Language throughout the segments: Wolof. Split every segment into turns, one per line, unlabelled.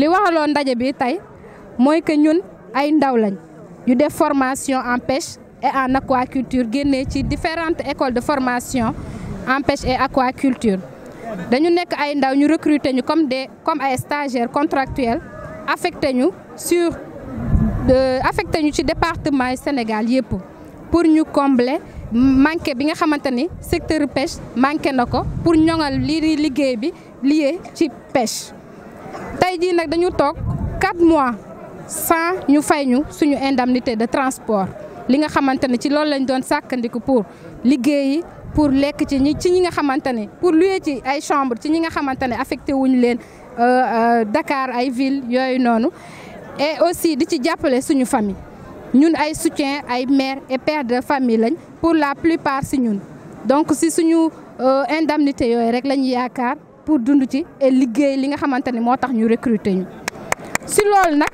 li waxaloo ndaje bi tey mooy que ñun ay ndaw lañ yu def formation en pêche et en aquaculture génnee ci différentes écoles de formation en pêche et aquaculture dañu nekk ay ndaw ñu recruter ñu comme des comme ay stagiaires contractuels affecté ñu sur affecté ñu ci département Sénégal yëpp pour ñu combler manqué bi nga xamante ni secteur pêche manqué na ko pour ñoŋal lii liggéey bi lié ci pêche tey jii nag dañu toog 4 mois sans ñu fay ñu suñu indemnité de transport li nga xamante ne ci loolu lañ doon sàkkandiku pour liggéeyi pour lekk ci ñi ci ñi nga xamante ne pour louer ci ay chambre ci ñi nga xamante ne affecté wuñu leen euh, euh, Dakar ay ville yooyu noonu et aussi di ci jàppale suñu famille ñun ay soutien ay mère et père de famille lañ pour la plus plupart si ñun donc si suñu euh, indemnité yooyu rek lañu yaakaar pour dund ci et liggéey li nga xamante ni moo tax ñu recruter ñu si loolu nag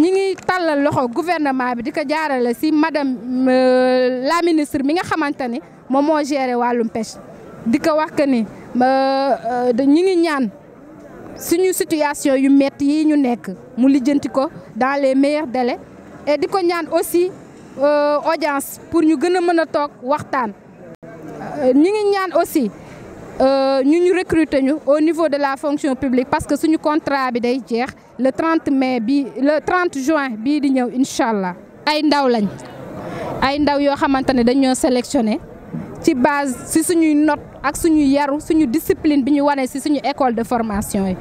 ñi ngi tàllal loxo gouvernement bi di ko jaarale si madame euh, la ministre mi nga xamante ni moom moo géré wàllum pêche di ko wax que ni euh, euh, ñi ngi ñaan suñu situation yu métti yi ñu nekk mu lijjanti ko dans les meilleurs délais et di ko ñaan aussi audience pour ñu gën a mën a toog waxtaan ñi ngi ñaan aussi Euh, ñu ñu recruter ñu au niveau de la fonction publique parce que suñu contrat bi day jeex le trente mai bi le trente juin bii di ñëw incha allah. ay ndaw lañ ay ndaw yoo xamante ne dañoo sélectionné ci base si suñuy note ak suñu yaru suñu discipline bi ñuy wane si suñu école de formation yi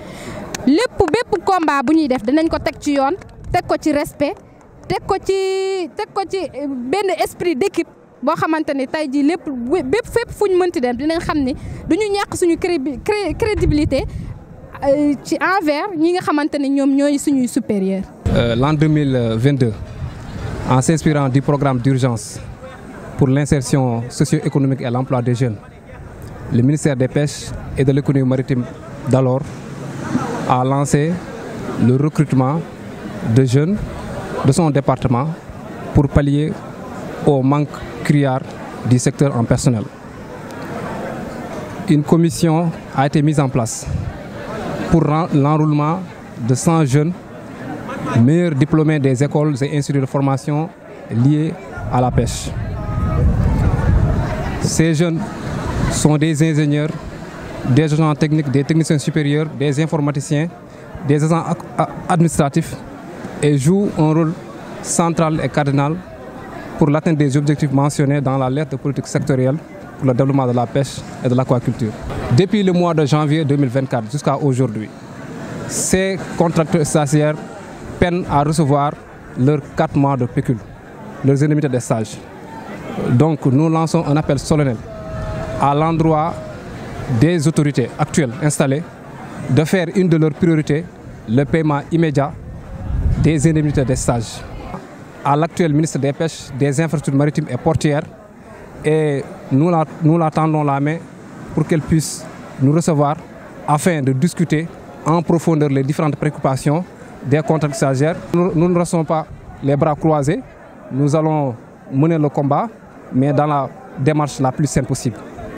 lépp bépp combat bu ñuy def dinañ ko teg ci yoon teg ko ci respect teg ko ci teg ko ci euh, benn esprit d'équipe boo xamante ni tey jii lépp bépp fépp fu ñu mënti dem dinañ xam ni duñu ñàkk suñu crédibilité euh, ci envers ñi nga xamante ni ñoom ñooy suñuy supérieur.
Euh, l'an 2022 en s'inspirant du programme d'urgence pour l'insertion socio-économique et l'emploi des jeunes le ministère des pêches et de l'économie maritime d'alors a lancé le recrutement de jeunes de son département pour pallier au manque criare du secteur en personnel. Une commission a été mise en place pour l'enrôlement de 100 jeunes meilleurs diplômés des écoles et instituts de formation liés à la pêche. Ces jeunes sont des ingénieurs, des agents techniques, des techniciens supérieurs, des informaticiens, des agents administratifs et jouent un rôle central et cardinal pour l'atteinte des objectifs mentionnés dans la lettre de politique sectorielle pour le développement de la pêche et de l'aquaculture. Depuis le mois de janvier 2024 jusqu'à aujourd'hui, ces contracteurs stagiaires peinent à recevoir leurs 4 mois de pécule, leurs indemnités de stage. Donc nous lançons un appel solennel à l'endroit des autorités actuelles installées de faire une de leurs priorités le paiement immédiat des indemnités de stage. à l'actuel ministre des Pêches, des Infrastructures maritimes et portuaires. Et nous la, nous la la main pour qu'elle puisse nous recevoir afin de discuter en profondeur les différentes préoccupations des contrats stagiaires. Nous, nous ne restons pas les bras croisés. Nous allons mener le combat, mais dans la démarche la plus simple possible.